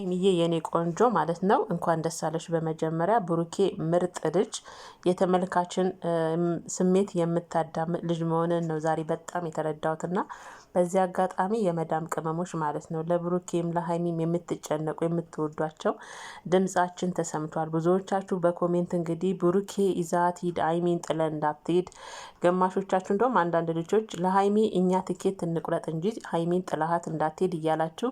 ሀይሚዬ የኔ ቆንጆ ማለት ነው እንኳን ደስ አለሽ። በመጀመሪያ ብሩኬ ምርጥ ልጅ፣ የተመልካችን ስሜት የምታዳምጥ ልጅ መሆንን ነው ዛሬ በጣም የተረዳትና በዚህ አጋጣሚ የመዳም ቅመሞች ማለት ነው ለብሩኬም ለሀይሚም የምትጨነቁ የምትወዷቸው ድምጻችን ተሰምቷል። ብዙዎቻችሁ በኮሜንት እንግዲህ ብሩኬ ይዛት ሂድ ሀይሚን ጥለ እንዳትሄድ፣ ግማሾቻችሁ እንደውም አንዳንድ ልጆች ለሀይሚ እኛ ትኬት እንቁረጥ እንጂ ሀይሚን ጥላሀት እንዳትሄድ እያላችሁ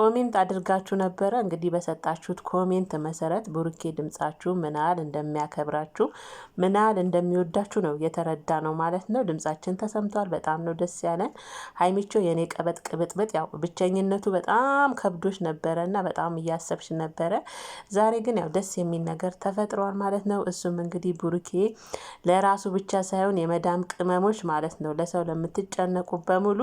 ኮሜንት አድርጋችሁ ነበር። ነበረ። እንግዲህ በሰጣችሁት ኮሜንት መሰረት ብሩኬ ድምጻችሁ ምናል እንደሚያከብራችሁ ምናል እንደሚወዳችሁ ነው የተረዳ ነው ማለት ነው። ድምጻችን ተሰምቷል። በጣም ነው ደስ ያለን። ሀይሚቾ የኔ ቀበጥ ቅብጥብጥ፣ ያው ብቸኝነቱ በጣም ከብዶች ነበረ እና በጣም እያሰብሽ ነበረ። ዛሬ ግን ያው ደስ የሚል ነገር ተፈጥሯል ማለት ነው። እሱም እንግዲህ ብሩኬ ለራሱ ብቻ ሳይሆን የመዳም ቅመሞች ማለት ነው ለሰው ለምትጨነቁ በሙሉ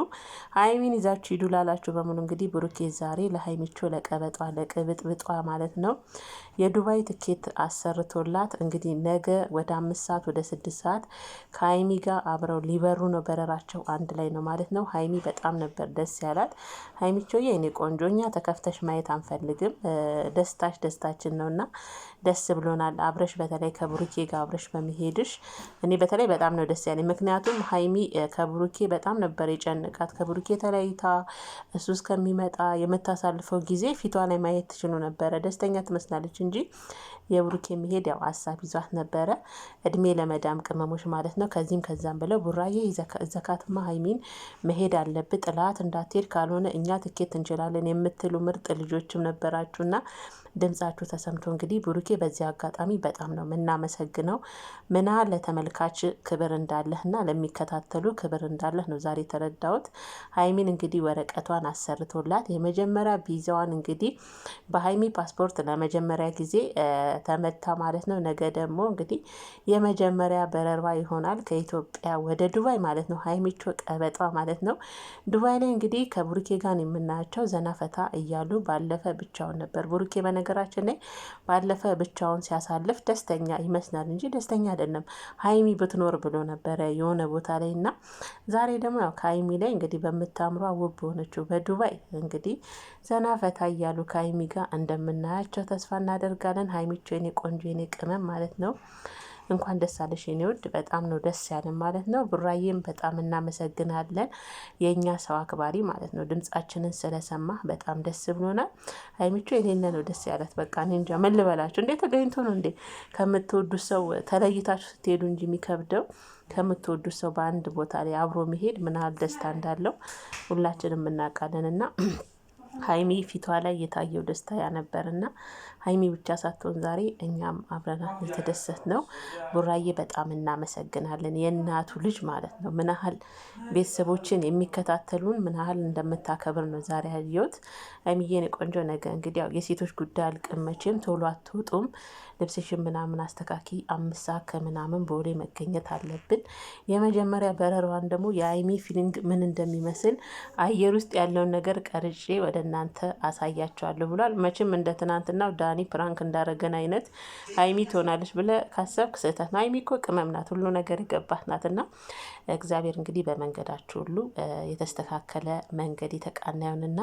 ሀይሚን ይዛችሁ ይዱላላችሁ በሙሉ እንግዲህ ብሩኬ ዛሬ ለሀይሚቾ ለቀበጧ ለቅብጥብጧ ማለት ነው የዱባይ ትኬት አሰርቶላት እንግዲህ ነገ ወደ አምስት ሰዓት ወደ ስድስት ሰዓት ከሀይሚ ጋር አብረው ሊበሩ ነው። በረራቸው አንድ ላይ ነው ማለት ነው። ሀይሚ በጣም ነበር ደስ ያላት። ሀይሚቾዬ የኔ ቆንጆኛ ተከፍተሽ ማየት አንፈልግም። ደስታሽ ደስታችን ነው እና ደስ ብሎናል። አብረሽ በተለይ ከብሩኬ ጋር አብረሽ በመሄድሽ እኔ በተለይ በጣም ነው ደስ ያለኝ። ምክንያቱም ሀይሚ ከብሩኬ በጣም ነበር የጨንቃት ከብሩኬ ተለይታ እሱ እስከሚመጣ የምታሳልፈው ጊዜ ፊቷ ላይ ላይ ማየት ትችሉ ነበረ። ደስተኛ ትመስላለች እንጂ የብሩክ የሚሄድ ያው ሀሳብ ይዟት ነበረ። እድሜ ለመዳም ቅመሞች ማለት ነው። ከዚህም ከዛም ብለው ቡራዬ ዘካትማ ሀይሚን መሄድ አለብ ጥላት እንዳትሄድ ካልሆነ እኛ ትኬት እንችላለን የምትሉ ምርጥ ልጆችም ነበራችሁና ድምጻችሁ ተሰምቶ እንግዲህ ብሩኬ በዚህ አጋጣሚ በጣም ነው የምናመሰግነው። ምና ለተመልካች ክብር እንዳለህ እና ለሚከታተሉ ክብር እንዳለህ ነው ዛሬ የተረዳሁት። ሀይሚን እንግዲህ ወረቀቷን አሰርቶላት የመጀመሪያ ቪዛዋን እንግዲህ በሀይሚ ፓስፖርት ለመጀመሪያ ጊዜ ተመታ ማለት ነው። ነገ ደግሞ እንግዲህ የመጀመሪያ በረራ ይሆናል ከኢትዮጵያ ወደ ዱባይ ማለት ነው። ሀይሚቾ ቀበጧ ማለት ነው። ዱባይ ላይ እንግዲህ ከቡርኬ ጋር የምናያቸው ዘና ፈታ እያሉ ባለፈ ብቻውን ነበር። ቡርኬ በነገራችን ላይ ባለፈ ብቻውን ሲያሳልፍ ደስተኛ ይመስላል እንጂ ደስተኛ አይደለም። ሀይሚ ብትኖር ብሎ ነበረ የሆነ ቦታ ላይ እና ዛሬ ደግሞ ያው ከሀይሚ ላይ እንግዲህ በምታምሯ ውብ በሆነችው በዱባይ እንግዲህ ዘና ፈታ እያሉ ከሀይሚ ጋር እንደምናያቸው ተስፋ እናደርጋለን። ሀይሚቾ የኔ ቆንጆ የኔ ቅመም ማለት ነው። እንኳን ደስ አለሽ የኔ ውድ፣ በጣም ነው ደስ ያለን ማለት ነው። ብራዬም በጣም እናመሰግናለን፣ የእኛ ሰው አክባሪ ማለት ነው። ድምጻችንን ስለሰማ በጣም ደስ ብሎናል። ሀይሚቾ የኔነ ነው ደስ ያለት። በቃ እኔ እንጃ ምን ልበላችሁ። እንዴ ተገኝቶ ነው እንዴ ከምትወዱ ሰው ተለይታችሁ ስትሄዱ እንጂ የሚከብደው ከምትወዱ ሰው በአንድ ቦታ ላይ አብሮ መሄድ ምን ያህል ደስታ እንዳለው ሁላችንም እናውቃለን እና ሀይሚ ፊቷ ላይ የታየው ደስታ ያነበር እና ሀይሚ ብቻ ሳትሆን ዛሬ እኛም አብረናት የተደሰት ነው። ቡራዬ በጣም እናመሰግናለን። የእናቱ ልጅ ማለት ነው። ምን ያህል ቤተሰቦችን የሚከታተሉን ምን ያህል እንደምታከብር ነው ዛሬ ያየሁት። ሀይሚዬን ቆንጆ ነገ እንግዲህ ያው የሴቶች ጉዳይ አልቀመችም። ቶሎ አትወጡም። ልብስሽን ምናምን አስተካኪ፣ አምስት ሰዓት ከምናምን ቦሌ መገኘት አለብን። የመጀመሪያ በረሯን ደግሞ የሀይሚ ፊሊንግ ምን እንደሚመስል አየር ውስጥ ያለውን ነገር ቀርጬ ወደ ለእናንተ አሳያቸዋለሁ ብሏል። መቼም እንደ ትናንትናው ዳኒ ፕራንክ እንዳረገን አይነት ሀይሚ ትሆናለች ብለ ካሰብክ ስህተት ነው። ሀይሚ እኮ ቅመም ናት፣ ሁሉ ነገር የገባት ናት። እና እግዚአብሔር እንግዲህ በመንገዳችሁ ሁሉ የተስተካከለ መንገድ የተቃናዩንና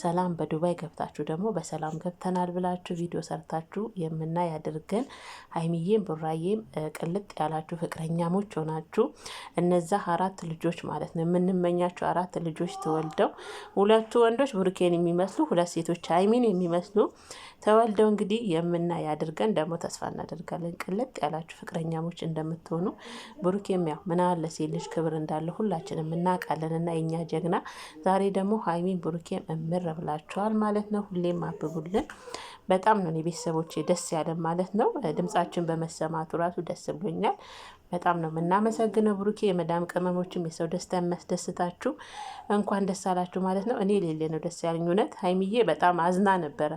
ሰላም በዱባይ ገብታችሁ ደግሞ በሰላም ገብተናል ብላችሁ ቪዲዮ ሰርታችሁ የምናይ አድርገን ሀይሚዬም ቡራዬም ቅልጥ ያላችሁ ፍቅረኛሞች ሆናችሁ እነዛ አራት ልጆች ማለት ነው የምንመኛቸው አራት ልጆች ተወልደው ሁለቱ ወንዶች ብሩኬን ወንዶችን የሚመስሉ ሁለት ሴቶች ሀይሚን የሚመስሉ ተወልደው እንግዲህ የምናይ አድርገን ደግሞ ተስፋ እናደርጋለን። ቅልጥ ያላችሁ ፍቅረኛሞች እንደምትሆኑ ብሩኬም ያው ምን አለ ሴት ልጅ ክብር እንዳለ ሁላችንም እናውቃለን እና የኛ ጀግና ዛሬ ደግሞ ሀይሚን ብሩኬም እምር ብላችኋል ማለት ነው። ሁሌም አብቡልን። በጣም ነው የቤተሰቦች ደስ ያለን ማለት ነው። ድምጻችን በመሰማቱ ራሱ ደስ ብሎኛል። በጣም ነው የምናመሰግነው ብሩኬ። የመዳም ቅመሞችም የሰው ደስታ የሚያስደስታችሁ እንኳን ደስ አላችሁ ማለት ነው። እኔ ሌሌ ነው ደስ ያለኝ እውነት ሀይሚዬ በጣም አዝና ነበረ።